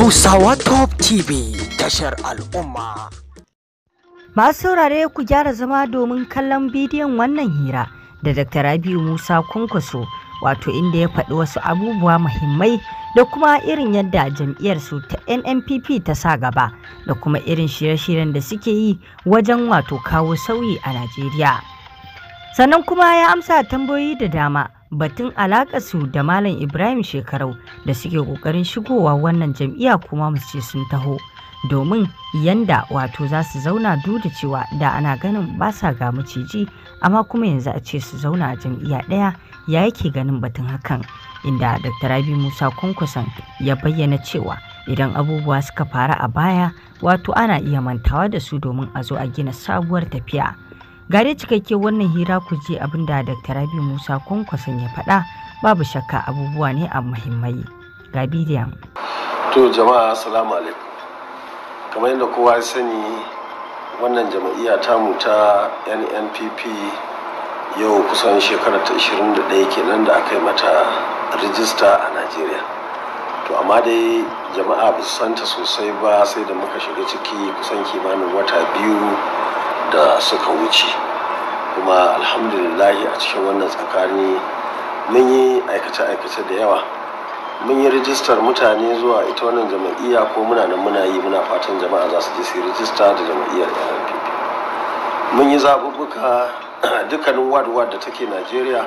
Hausawa Top TV tashar al'umma. Masu saurare ku gyara zama domin kallon bidiyon wannan hira da Dr. Rabiu Musa Kunkuso wato inda ya faɗi wasu abubuwa muhimmai da kuma irin yadda jam'iyyarsu ta NNPP ta sa gaba da kuma irin shirye-shiryen da suke yi wajen wato kawo sauyi a Najeriya. Sannan kuma ya amsa tambayoyi da dama. batun su da Malam Ibrahim Shekarau da suke ƙoƙarin shigowa wannan jam'iyya kuma mu ce sun taho domin yanda wato za su zauna duk da cewa da ana ganin ba sa ga maciji amma kuma yanzu a ce su zauna a jam'iyya ɗaya ya yake ganin batun hakan inda Dr. Rabi Musa Kwankwason ya bayyana cewa idan abubuwa suka faru a baya wato ana iya mantawa da su domin a zo a gina sabuwar tafiya. gare cikakke wannan hira ku je abin da dr rabi musa kwankwason ya faɗa babu shakka abubuwa ne a muhimmai ga bidiyon to jama'a assalamu alaikum kamar yadda kowa ya sani wannan jama'iyya ta ta nnpp yau kusan shekarar ta 21 kenan da aka yi mata rijista a najeriya to amma dai jama'a ba su santa sosai ba sai da muka shiga ciki kusan kimanin wata biyu da suka wuce kuma alhamdulillahi a cikin wannan tsakani mun yi aikace-aikace da yawa mun yi rijistar mutane zuwa ita wannan jama'iyya ko muna nan muna yi muna fatan jama'a za su je su rijista da jama'iyyar rpp mun yi zaɓuɓɓuka dukkanin ward-ward da take najeriya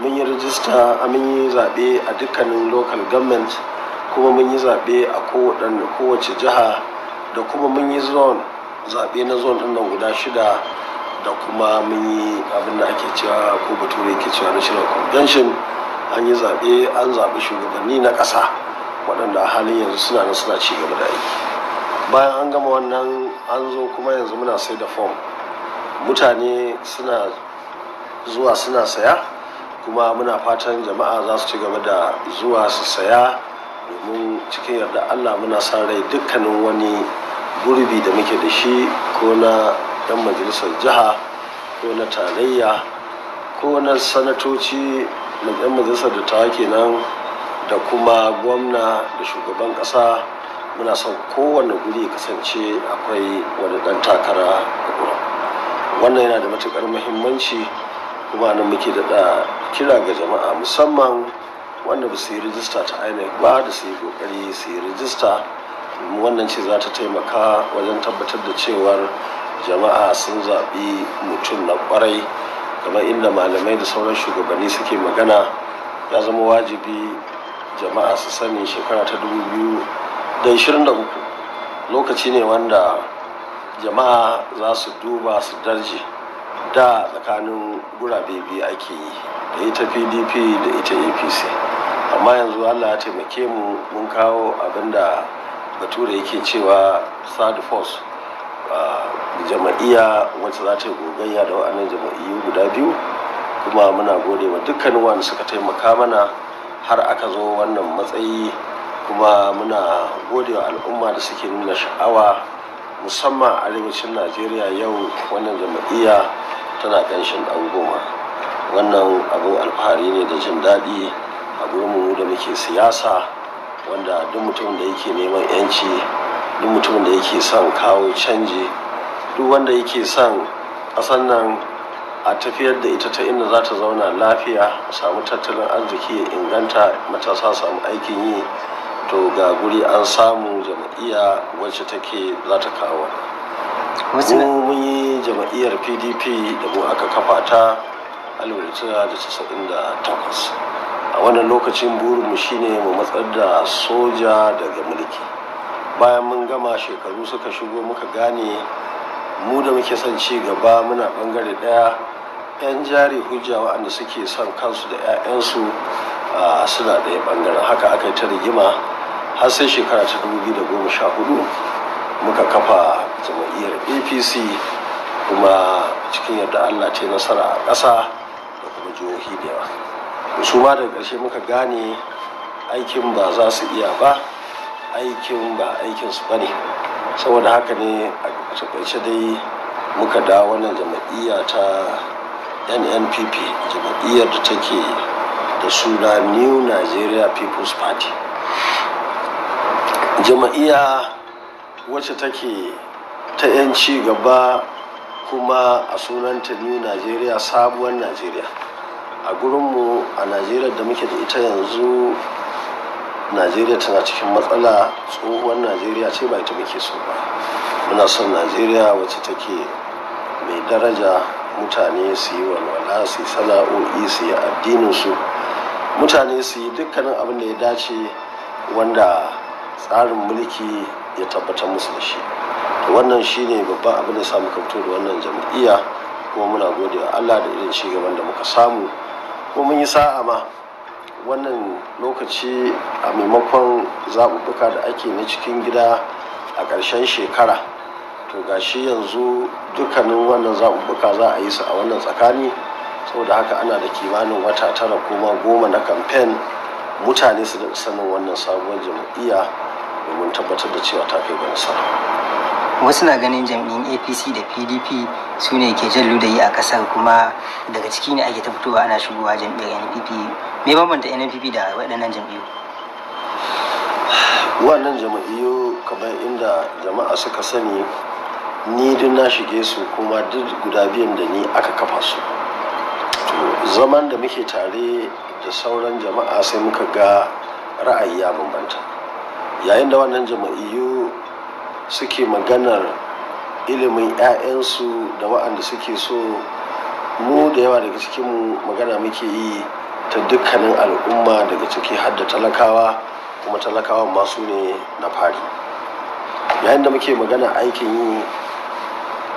mun yi rijista mun yi zaɓe a dukkanin local government kuma mun yi zaɓe a kowace jiha da kuma mun yi zone zaɓe na zone ɗin nan guda shida da kuma mun yi abin da ake cewa ko bature ke cewa national convention an yi zaɓe an zaɓi shugabanni na ƙasa waɗanda halin yanzu suna nan suna ci gaba da aiki bayan an gama wannan an zo kuma yanzu muna sai da fom mutane suna zuwa suna saya kuma muna fatan jama'a za su ci gaba da zuwa su saya domin cikin yarda allah muna sa rai dukkanin wani gurbi da muke da shi ko na ɗan majalisar jiha ko na tarayya ko na sanatoci na ɗan majalisar da ta kenan da kuma gwamna da shugaban ƙasa muna son kowane guri kasance akwai wani ɗan takara a gurin wannan yana da matuƙar muhimmanci kuma nan muke daɗa kira ga jama'a musamman wanda ba su yi rijista ta inec ba da su yi ƙoƙari su yi rijista wannan ce za ta taimaka wajen tabbatar da cewar jama'a sun zaɓi mutum na ƙwarai kamar inda malamai da sauran shugabanni suke magana ya zama wajibi jama'a su sani shekara ta shirin da 2023 lokaci ne wanda jama'a za su duba su darje da tsakanin gurabe biyu ake yi da ita pdp da ita apc amma yanzu allah ya taimake mu mun kawo abinda bature yake cewa third force ah, jama'iyya wacce za ta yi gogayya da wa'annan jama'iyyu guda biyu kuma muna gode wa dukkanin wanda suka taimaka mana har aka zo wannan matsayi kuma muna gode wa al'umma da suke nuna sha'awa musamman a arewacin najeriya yau wannan jama'iyya tana ƙanshin ɗan goma wannan abu alfahari ne da jin daɗi a gurinmu da muke siyasa wanda duk mutum da yake neman 'yanci duk mutum da yake son kawo canji duk wanda yake son ƙasar nan a tafiyar da ita ta inda za ta zauna lafiya a samu tattalin arziki ya inganta matasa samu aikin yi to ga guri an samu jam'iyya wacce take za ta kawo mu mun yi jam'iyyar pdp da mu aka kafa ta takwas. a wannan lokacin burin burinmu shine mu matsar da soja daga mulki bayan mun gama shekaru suka shigo muka gane mu da muke son ci gaba muna bangare daya yan jari hujja waɗanda suke son kansu da 'ya'yansu a suna ɗaya bangaren haka aka yi ta rigima har sai shekara ta 2014 muka kafa jam'iyyar apc kuma cikin yadda allah ta yi nasara a ƙasa da kuma jihohi da yawa su ma daga ƙarshe muka gane aikin ba za su iya ba aikin ba aikinsu ba ne saboda haka ne a a takaice dai muka dawo wannan jam'iyya ta nnpp jam'iyyar da take da suna new nigeria people's party jama'iyya wacce take ta 'yan gaba kuma a sunanta new nigeria sabuwar nigeria a gurinmu a nigeria da muke da ita yanzu najeriya tana cikin matsala tsohuwar najeriya ce ba ita muke so ba muna son najeriya wacce take mai daraja mutane su yi walwala su yi sana'o'i su yi addininsu mutane su yi dukkanin abin da ya dace wanda tsarin mulki ya tabbatar musu da shi wannan shine babban abin da samu kamto da wannan jam'iyya kuma muna gode wa allah da irin gaban da muka samu ko mun yi sa'a ma wannan lokaci a maimakon zaɓuɓɓuka da ake na cikin gida a ƙarshen shekara to ga shi yanzu dukkanin wannan zaɓuɓɓuka za a yi su a wannan tsakani saboda haka ana da kimanin wata tara kuma goma na kamfen mutane su da sanin wannan sabuwar jam'iyya domin tabbatar da cewa ta kai ga nasara wasu na ganin jam'iyyun apc da pdp su ne ke jan ludayi a kasar kuma daga ciki ne ake ta fitowa ana shigowa jam'iyyar npp me bambanta NNPP da waɗannan jam'iyyu wannan jama'iyyu kamar inda jama'a suka sani ni duk na shige su kuma duk guda biyan da ni aka kafa su zaman da muke tare da sauran jama'a sai muka ga ra'ayi ya bambanta yayin da wannan jama'iyyu suke maganar ilimin 'ya'yansu da wa'anda suke so mu da yawa daga cikinmu magana muke yi ta dukkanin al'umma daga ciki har da talakawa kuma talakawa masu ne na fari yayin da muke magana aikin yi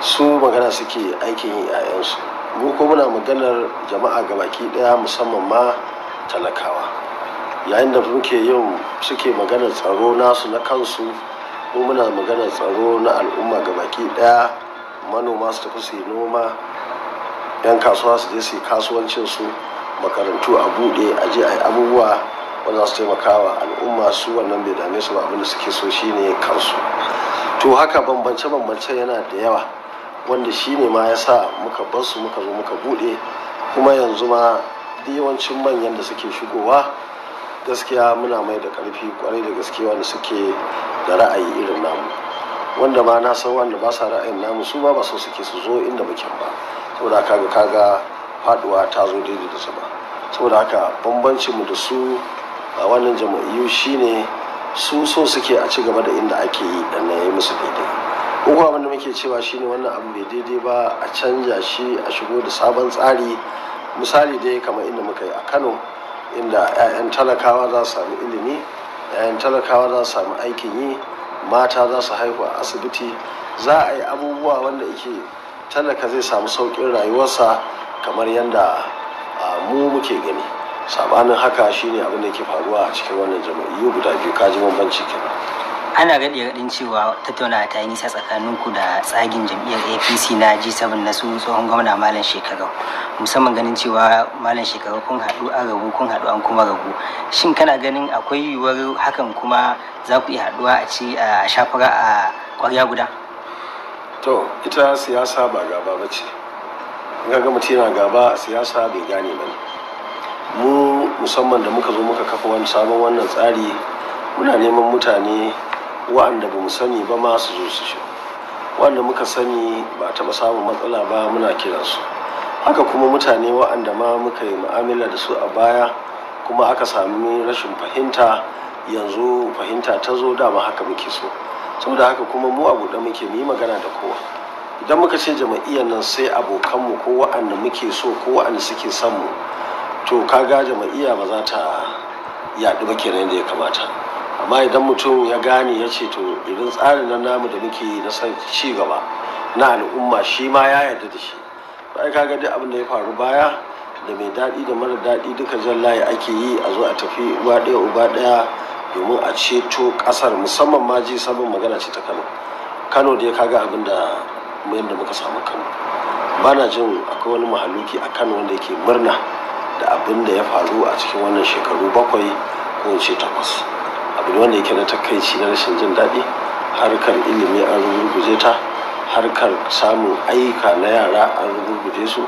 su magana suke aikin yi 'ya'yansu mu ko muna maganar jama'a ga baki daya musamman ma talakawa yayin da muke yin suke maganar tsaro nasu na kansu mu muna maganar tsaro na al'umma ga baki daya manoma su tafi su yi noma 'yan kasuwa su je su yi kasuwancinsu makarantu a buɗe a je a yi abubuwa wanda su taimaka al'umma su wannan bai dame su ba abinda suke so shine kansu to haka bambance-bambance yana da yawa wanda shine ma ya sa muka bar su muka zo muka buɗe kuma yanzu ma yawancin manyan da suke shigowa gaskiya muna mai da ƙarfi kwarai da gaske wanda suke da ra'ayi irin namu wanda ma na san wanda ba sa ra'ayin namu su ba ba so suke su zo inda muke ba saboda kaga kaga faduwa ta zo daidai da su ba saboda haka bambancin mu da su a wannan jama'iyyu shine su so suke a ci gaba da inda ake yi dan yi musu daidai uku abin da muke cewa shine wannan abu bai daidai ba a canja shi a shigo da sabon tsari misali dai kamar inda muka yi a Kano inda ƴaƴan talakawa za su samu ilimi ƴaƴan talakawa za su samu aikin yi mata za su haihu a asibiti za a yi abubuwa wanda yake talaka zai samu sauƙin rayuwarsa kamar yadda mu muke gani sabanin haka shine abin da ke faruwa a cikin wannan jama'iyyu guda biyu kaji bambanci kenan ana gaɗe gadin cewa tattauna ta yi nisa tsakanin ku da tsagin jam'iyyar apc na g7 na su tsohon gwamna malam shekaru musamman ganin cewa malam shekaru kun haɗu a rabu kun haɗu an kuma rabu shin kana ganin akwai yiwuwar hakan kuma za ku iya haɗuwa a ci a shafura a ƙwarya guda to ita siyasa ba gaba ba ce ga gama yana gaba a siyasa bai gane ba mu musamman da muka zo muka kafa wani sabon wannan tsari muna neman mutane wa'anda ba mu sani ba ma su zo su shi wa'anda muka sani ba taɓa samun matsala ba muna kiran su haka kuma mutane wa'anda ma muka yi mu'amala da su a baya kuma aka sami rashin fahimta yanzu fahimta ta zo dama haka muke so saboda haka kuma mu a buɗe muke mu yi magana da kowa idan muka ce jama'iyyar nan sai abokanmu ko wa'anda muke so ko wa'anda suke son mu to kaga jama'iyya ba za ta yaɗu ba kenan da ya kamata amma idan mutum ya gane ya ce to idan tsarin nan namu da muke na san ci gaba na al'umma shi ma ya yarda da shi ai kaga duk abin da ya faru baya da mai daɗi da mara daɗi duka jan layi ake yi a zo a tafi uba ɗaya uba ɗaya domin a ceto ƙasar musamman ma ji sabon magana ce ta kano kano da ya kaga abin da yadda muka samu kano ba na jin akwai wani mahaluki a kano wanda yake murna da abin da ya faru a cikin wannan shekaru bakwai ko in ce takwas abu wanda yake na takaici na rashin jin daɗi harkar ilimi an rugurguje ta harkar samun aika na yara an rugurguje su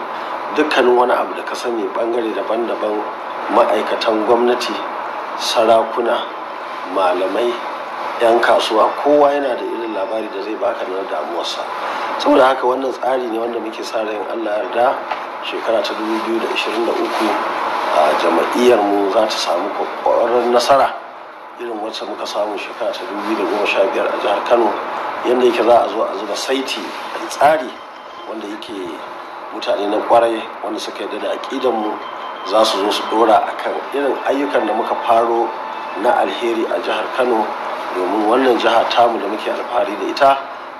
dukkanin wani abu da ka sani bangare daban-daban ma'aikatan gwamnati sarakuna malamai 'yan kasuwa kowa yana da irin labari da zai baka na damuwarsa saboda haka wannan tsari ne wanda muke sa ran allah yarda shekara ta 2023 a jama'iyyar mu za ta samu kwakwarar nasara irin wacce muka samu shekara ta 2015 a jihar kano yadda yake za a zo a zuba saiti a tsari wanda yake mutane na kwarai wanda suka yi da aƙidan mu za su zo su dora akan irin ayyukan da muka faro na alheri a jihar kano domin wannan jiha tamu da muke alfahari da ita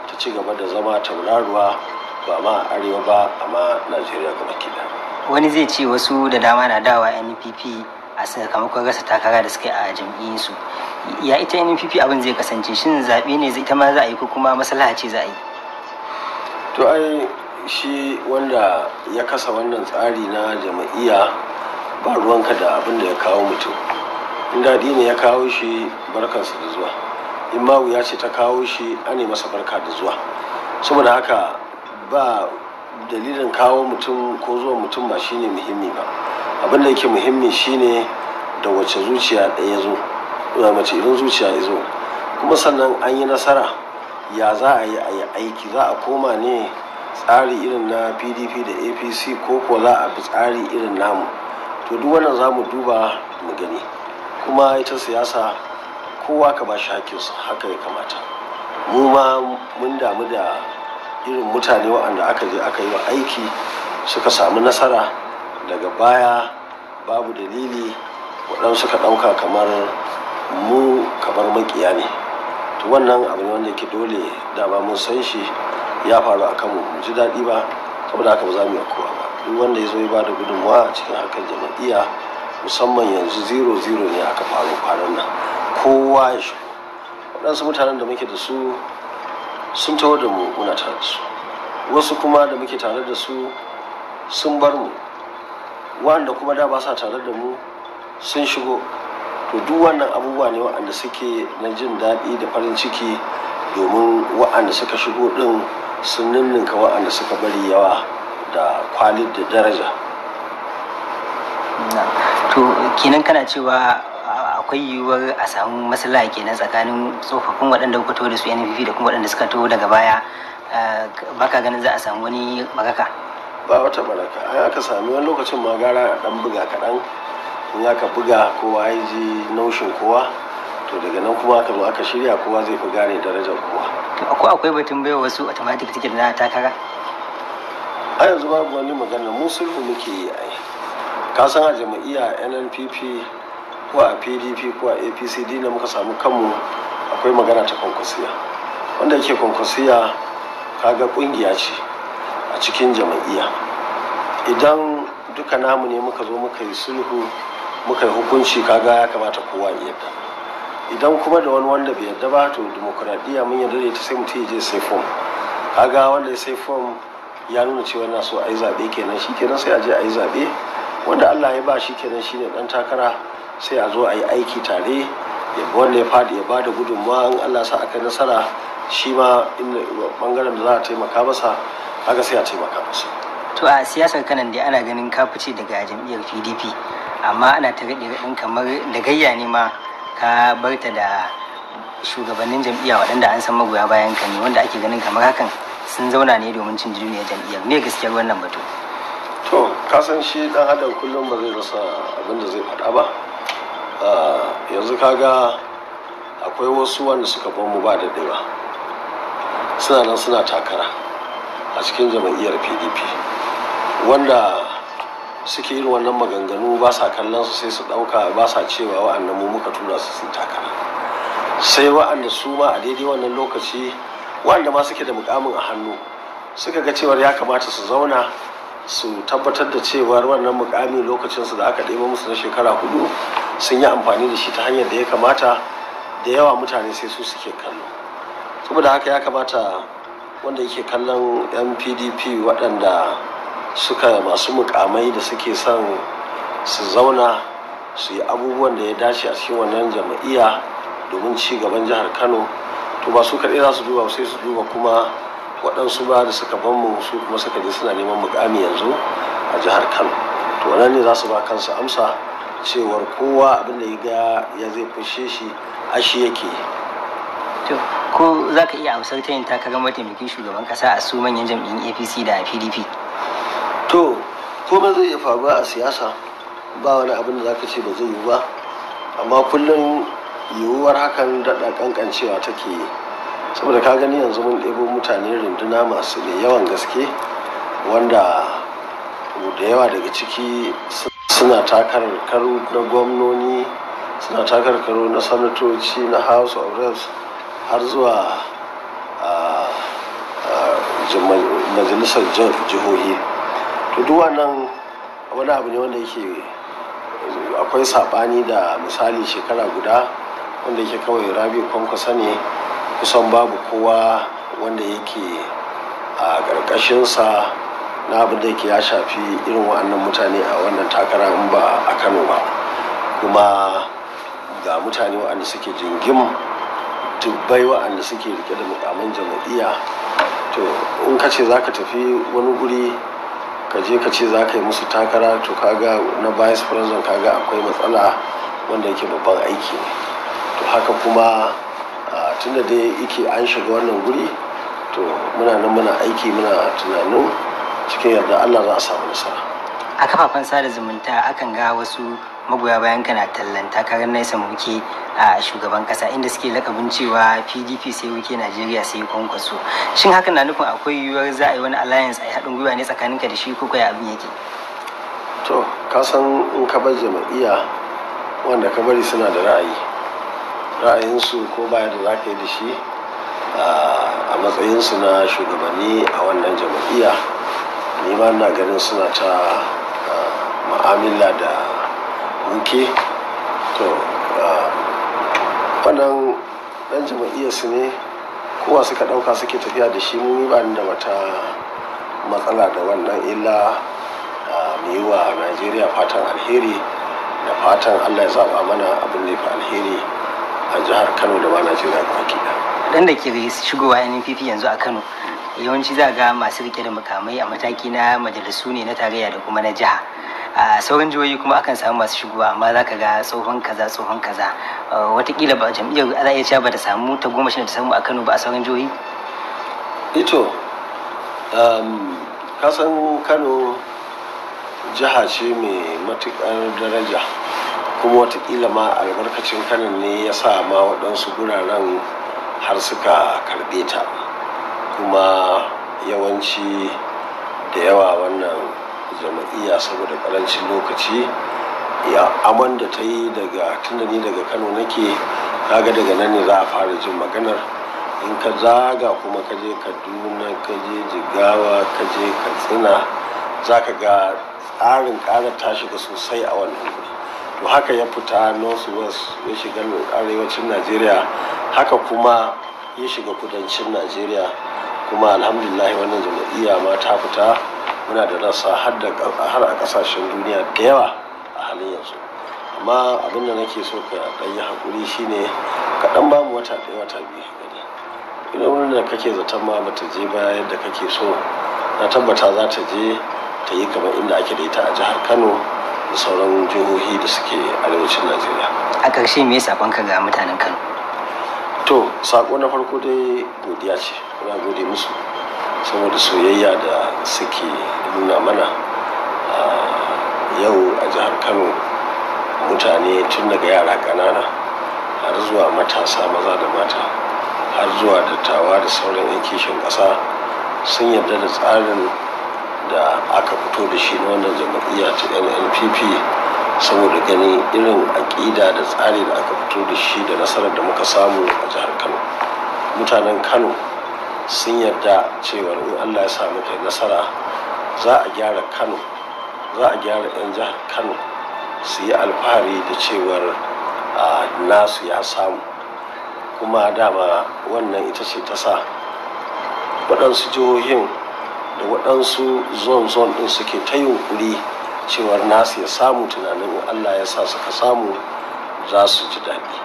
ta ci gaba da zama tauraruwa ba ma arewa ba amma najeriya baki da. wani zai ce wasu da dama na dawa npp a sakamakon rasa takara da suka yi a jam'iyyinsu ya ita npp abin zai kasance shin zaɓe ne ita ma za a yi ko kuma masala ce za a yi to ai shi wanda ya kasa wannan tsari na jam'iyya, ba ruwanka da abin da ya kawo mutum in daɗi ne ya kawo shi barkansa da zuwa in ya ce ta kawo shi ane masa barka da zuwa saboda haka ba dalilin kawo mutum ko zuwa mutum ba shine muhimmi ba abin da yake muhimmi shine da wace zuciya ya zo da mace irin zuciya ya zo kuma sannan an yi nasara ya za a yi aiki za a koma ne tsari irin na pdp da apc ko ko za a fi tsari irin namu to duk wannan za mu duba mu gani kuma ita siyasa kowa ka ba shi haƙƙinsa haka ya kamata mu ma mun damu da irin mutane waɗanda aka je aka yi wa aiki suka samu nasara daga baya babu dalili waɗansu suka ɗauka kamar mu kamar makiya ne to wannan abu ne wanda yake dole dama mun san shi ya faru a kanmu mu ji daɗi ba saboda haka ba za mu yi kowa ba duk wanda ya zo ya bada gudunmawa cikin harkar jama'iyya musamman yanzu zero zero ne aka faru kwanan nan kowa ya shigo waɗansu mutanen da muke da su sun taho da mu muna tare da su wasu kuma da muke tare da su sun bar mu wanda kuma da ba sa tare da mu sun shigo to duk wannan abubuwa ne waɗanda suke na jin daɗi da farin ciki domin waɗanda suka shigo ɗin sun ninninka waɗanda suka bari yawa da kwalid da daraja to kenan kana cewa akwai yiwuwar a samu maslaha kenan tsakanin tsofaffin waɗanda kuka taho da su NPP da kuma waɗanda suka taho daga baya eh, baka ganin za a samu wani maraka. ba wata maraka. ai aka sami wani lokacin ma gara ɗan buga kaɗan in aka buga kowa ya ji naushin kowa to daga nan kuma aka zo aka shirya kowa zai fi gane darajar kowa ko akwai batun baiwa wasu automatic ticket na takara a yanzu babu wani magana mun sulhu muke yi a ka san a jama'iyya nnpp ko a pdp ko a apc na muka samu kanmu akwai magana ta kwankwasiya wanda yake kwankwasiya kaga kungiya ce a cikin jama'iyya idan duka namu ne muka zo muka yi sulhu muka yi hukunci kaga ya kamata kowa ya yadda idan kuma da wani wanda bai yadda ba to demokuraɗiyya mun yarda da ita sai mutum ya je sai fom kaga wanda ya sai fom ya nuna cewa na so a yi zaɓe kenan shi kenan sai a je a yi zaɓe wanda allah ya ba shi kenan shi ne ɗan takara sai a zo a yi aiki tare ya wanda ya faɗi ya ba da gudunmawa in allah sa aka nasara shi ma bangaren da za a taimaka masa haka sai a taimaka masa to a siyasar kanan dai ana ganin ka fice daga jam'iyyar pdp amma ana ta gaɗe ɗin kamar da gayya ne ma ka barta da shugabannin jam'iyya waɗanda an san magoya bayan ka ne wanda ake ganin kamar hakan sun zauna ne domin cin jirgin jam'iyyar ne gaskiyar wannan batu to kasan shi ɗan adam kullum ba zai rasa abin da zai faɗa ba Ah, yanzu kaga akwai wasu wanda suka mu ba da dawa suna nan suna takara a cikin jam'iyyar pdp wanda suke yin wannan maganganu ba sa kallon su sai su ɗauka ba sa cewa wa'annan mu muka tura su sun takara sai wa'anda su ma a daidai wannan lokaci wanda ma suke da mukamin a hannu suka ga cewar ya kamata su zauna su tabbatar da cewar wannan mukamin lokacinsu da aka ɗebo musu na shekara hudu sun yi amfani da shi ta hanyar da ya kamata da yawa mutane sai su suke kallo saboda haka ya kamata wanda yake kallon yan pdp waɗanda suka masu mukamai da suke son su zauna su yi abubuwan da ya dace a cikin wannan jama'iyya domin ci gaban jihar kano to ba su kaɗai za su duba sai su duba kuma waɗansu ba da suka ban mu su kuma suka je suna neman mukami yanzu a jihar kano to wannan ne za su ba kansu amsa cewar kowa abin da ya ga ya zai kushe shi ashi yake to ko za ka iya amsar ta yin takarar mataimakin shugaban kasa a su manyan jam'iyyun apc da pdp to ko zai iya faruwa a siyasa ba wani abin da za ka ce ba zai yi ba amma kullum yiwuwar hakan daɗa ƙanƙancewa take yi saboda ka gani yanzu mun ɗebo mutane runduna masu da yawan gaske wanda da yawa daga ciki suna takarar na gwamnoni suna takarar na sanatoci na house of reps har zuwa majalisar jihohi to duwa nan wani abu ne wanda yake akwai sabani da misali shekara guda wanda yake kawai rabi kwankwasa ne kusan babu kowa wanda yake a ƙarƙashinsa na abin da yake ya shafi irin wa'annan mutane a wannan takara in ba a kano ba kuma ga mutane wa'anda suke jingim dubbai wa'anda suke rike da mukamin jam'iyya to in ka ce za ka tafi wani guri ka je ka ce za ka yi musu takara to kaga na vice president kaga akwai matsala wanda yake babban aiki to haka kuma tunda da yake an shiga wannan guri to muna nan muna aiki muna tunanin cikin yarda Allah za a samu nasara a kafafen sada zumunta akan ga wasu magoya bayan ka na tallan nesa muke a shugaban kasa inda suke lakabin cewa pdp sai wuke najeriya sai kwankwaso shin hakan na nufin akwai yiwuwar za a yi wani alliance a haɗin gwiwa ne tsakaninka da shi ko kai abin yake to ka san in ka bar jama'iyya wanda ka bari suna da ra'ayi ra'ayinsu ko baya da za ka yi da shi ah, a matsayinsu na shugabanni a wannan jama'iyya Nima na ganin suna ta ah, ma'amila da muke to ah, wannan dan su ne kowa suka ɗauka suke tafiya da shi mun ba da wata matsala da wannan illa ah, mai yi wa najeriya fatan alheri da fatan allah ya zaba mana abin da ya fi alheri a jihar kano da ba najeriya baki ɗaya dan da ke shigowa fifi yanzu a kano yawanci za ga masu rike da mukamai a mataki na majalisu ne na tarayya da kuma na jiha a sauran jihohi kuma akan samu masu shigowa amma za ka ga tsohon kaza tsohon kaza watakila ba jam'iyyar za a iya cewa ba ta samu ta goma shi ta samu a kano ba a sauran jihohi ito um, kasan kano jiha ce mai matuƙar daraja kuma watakila ma albarkacin kanan ne ya sa ma waɗansu guraren har suka karɓe ta kuma yawanci da yawa wannan jama'iyya saboda ƙarancin lokaci aman da ta yi daga tunani daga kano nake kaga daga nan ne za a fara jin maganar in ka zaga kuma ka je kaduna ka je jigawa ka je katsina za ka ga tsarin ƙara ta shiga sosai a wannan wuri to haka ya fita north west ya shiga arewacin najeriya haka kuma ya shiga kudancin najeriya kuma alhamdulillah wannan jam'iyya ma ta fita muna da rasa har a kasashen duniya da yawa a halin yanzu amma abinda nake so ka ɗan yi haƙuri shine kaɗan ɗan ba mu wata ɗaya wata biyu gani idan wurin da kake zaton ma bata je ba yadda kake so na tabbata za ta je ta yi kamar inda ake da ita a jihar kano da sauran jihohi da suke arewacin najeriya a ƙarshe me saƙonka ga mutanen kano to saƙo na farko dai godiya ce muna gode musu saboda soyayya da suke nuna mana a yau a jihar kano mutane tun daga yara ƙanana har zuwa matasa maza da mata har zuwa dattawa da sauran 'yan kishin ƙasa sun yarda da tsarin da aka fito da shi na wannan jam'iyya ta nnpp saboda gani irin aƙida da tsari da aka fito da shi da nasarar da muka samu a jihar kano mutanen kano sun yarda cewar in allah ya sa muka nasara za a gyara kano za a gyara 'yan jihar kano su yi alfahari da cewar nasu ya samu kuma dama wannan ita ce ta sa waɗansu jihohin da waɗansu zon-zon ɗin suke ta yunkuri cewar nasu ya samu tunanin allah ya sa suka samu za su ji daɗi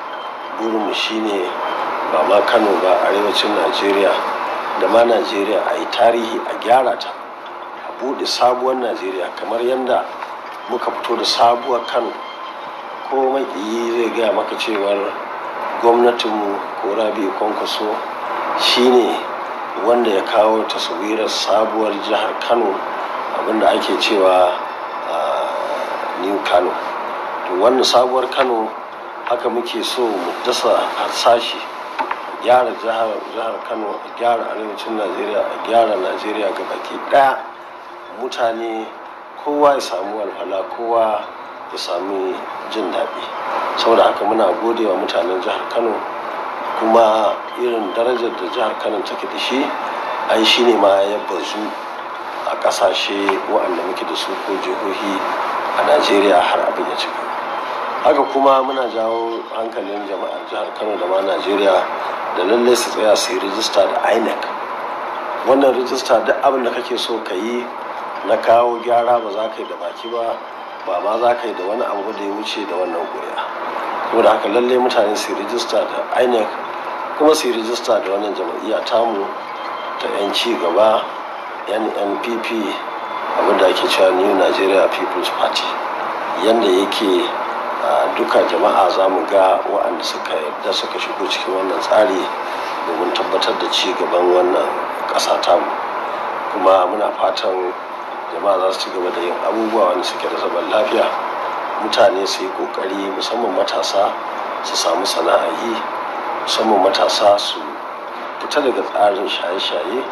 burinmu shine ba ma kano ba arewacin najeriya da ma najeriya a yi tarihi a gyara ta a buɗe sabuwar najeriya kamar yadda muka fito da sabuwar kano ko maƙiyi zai gaya maka cewar gwamnatinmu ko rabi kwankwaso shine wanda ya kawo taswirar sabuwar jihar kano abinda ake cewa a new kano to wannan sabuwar kano haka muke so mu dasa harsashi gyara jihar kano a gyara arewacin najeriya a gyara najeriya ga baki ɗaya mutane kowa ya samu alfala kowa ya sami jin daɗi saboda haka muna gode wa mutanen jihar kano kuma irin darajar da jihar kano take da shi an shi ne ma ya bazu a ƙasashe waɗanda muke da su ko jihohi a najeriya har abin ya cika haka kuma muna jawo hankalin jama'ar jihar kano da ma najeriya da lallai su tsaya su yi rijista da inec wannan rijista duk abin da kake so ka yi na kawo gyara ba za ka yi da baki ba ba ma za ka yi da wani abu da ya wuce da wannan kuma da haka lallai mutane su yi rijista da inec kuma su yi rijista da wannan jama'iyya tamu ta 'yan ci gaba nnpp abin da ake cewa new nigeria people's party yadda yake duka jama'a za mu ga waɗanda suka yadda suka shigo cikin wannan tsari domin tabbatar da ci gaban wannan ƙasa tamu kuma muna fatan jama'a za su ci gaba da yin abubuwa wanda suke da zaman lafiya mutane su yi ƙoƙari musamman matasa su samu sana'a yi musamman matasa su fita daga tsarin shaye-shaye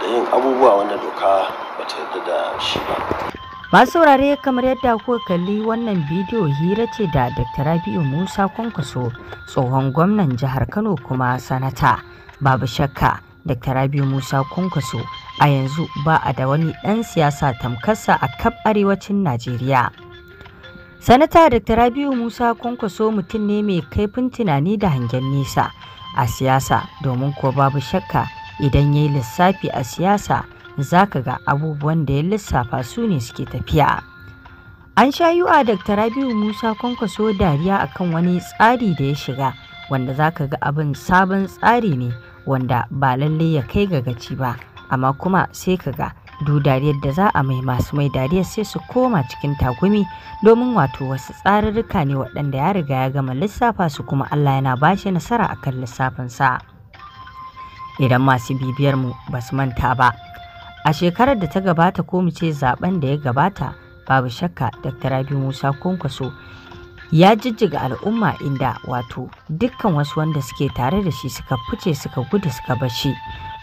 da yin abubuwa wanda doka bata yarda da shi ba Masu saurare kamar yadda ko kalli wannan bidiyo hira ce da Dr. Rabi'u Musa Kwankwaso tsohon gwamnan jihar Kano kuma sanata. Babu shakka Dr. Rabi'u Musa Kwankwaso a yanzu ba a da wani ɗan siyasa tamkarsa a kab arewacin Najeriya. Sanata Dr. Rabi'u Musa Kwankwaso mutum ne mai kaifin tunani da hangen nesa a siyasa domin ko babu shakka idan ya yi lissafi a siyasa. za ka ga abubuwan da ya lissafa su ne suke tafiya. An sha yi wa Dr. Rabiu Musa kwankwaso dariya akan wani tsari da ya shiga wanda za ka ga abin sabon tsari ne wanda ba lalle ya kai ga gaci ba amma kuma sai ka ga du dariyar da za a mai masu mai dariyar sai su koma cikin tagumi domin wato wasu tsarurruka ne waɗanda ya riga ya gama lissafa su kuma Allah yana ba shi nasara akan lissafinsa. Idan masu bibiyar mu ba su manta ba. A shekarar da ta gabata ko mu ce zaben da ya gabata babu shakka Dr. Abi Musa Kwankwaso ya jijjiga al'umma inda wato dukkan wasu wanda suke tare da shi suka fice suka gudu suka bashi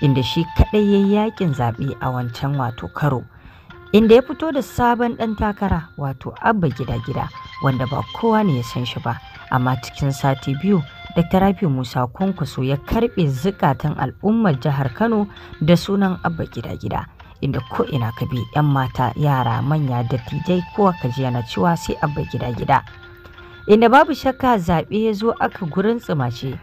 inda shi kadai ya yakin zaɓe a wancan wato karo inda ya fito da sabon dan takara wato abba gida gida wanda ba kowa ne ya san shi ba amma cikin sati biyu Dr. Rafi Musa Kwankwaso ya karbe zukatan al'ummar jihar Kano da sunan Abba Gida Gida inda ko ina ka bi 'yan mata yara manya dattijai ko ka ji yana cewa sai abba gida gida inda babu shakka zaɓe ya zo aka gurin tsumace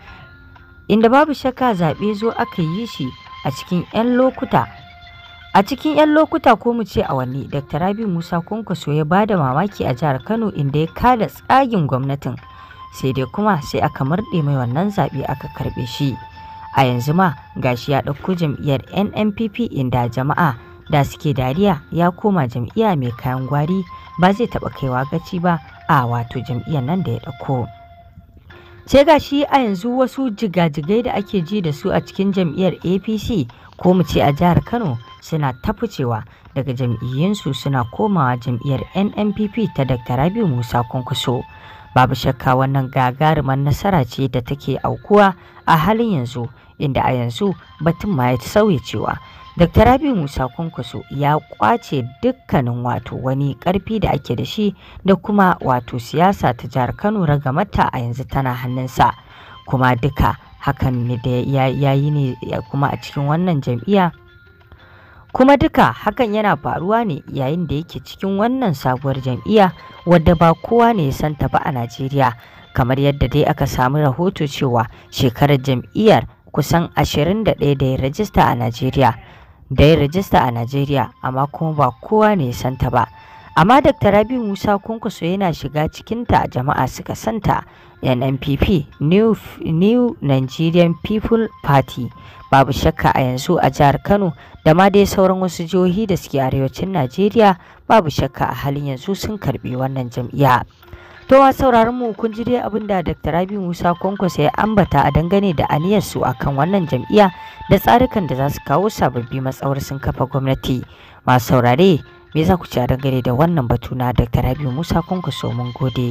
inda babu shakka zaɓe zo aka yi shi a cikin 'yan lokuta a cikin 'yan lokuta ko mu ce awanni dr rabi musa kwankwaso ya ba da mamaki a jihar kano inda ya kada tsagin gwamnatin sai dai kuma sai aka murɗe mai wannan zaɓe aka karɓe shi. a yanzu ma gashi ya ɗauko jam'iyyar nnpp inda jama'a da suke dariya ya koma jam'iyya mai kayan gwari ba zai taɓa kaiwa gaci ba a wato jam'iyyar nan da ya ɗauko ga gashi a yanzu wasu jigajigai da ake ji da su a cikin jam'iyyar apc ko mu ce a jihar kano suna tafucewa ficewa daga jam'iyyinsu suna komawa jam'iyyar nnpp ta dr rabiu musa kwankwaso babu shakka wannan gagarumar nasara ce da take aukuwa a halin yanzu inda a yanzu batun ma ya sauya cewa Dr. Rabi Musa Kwankwaso ya kwace dukkanin wato wani karfi da ake da shi da kuma wato siyasa ta jihar Kano ragamata a yanzu tana hannunsa kuma duka hakan ne da ya yi ne kuma a cikin wannan jam'iyya kuma duka hakan yana faruwa ne yayin da yake cikin wannan sabuwar jam'iyya wadda ba kowa ne ya santa ba a Najeriya kamar yadda dai aka samu rahoto cewa shekarar jam'iyyar kusan 21 da ya rajista a Najeriya da ya rajista a Najeriya amma kuma ba kowa ne ya santa ba amma Dr. Rabi Musa Kunkuso yana shiga cikinta jama'a suka santa NNPP New, New Nigerian People Party babu shakka a yanzu a jihar Kano da ma dai sauran wasu jihohi da suke arewacin Najeriya babu shakka a halin yanzu sun karbi wannan jam'iyya. To ma sauraron mu kun ji dai abin da Dr. Rabi Musa Kwankwasa ya ambata a dangane da aniyar su akan wannan jam'iyya da tsarukan da za su kawo sababbi matsawar sun kafa gwamnati. Ma saurare me za ku ci a dangane da wannan batu na Dr. Rabi Musa Kwankwas mun gode.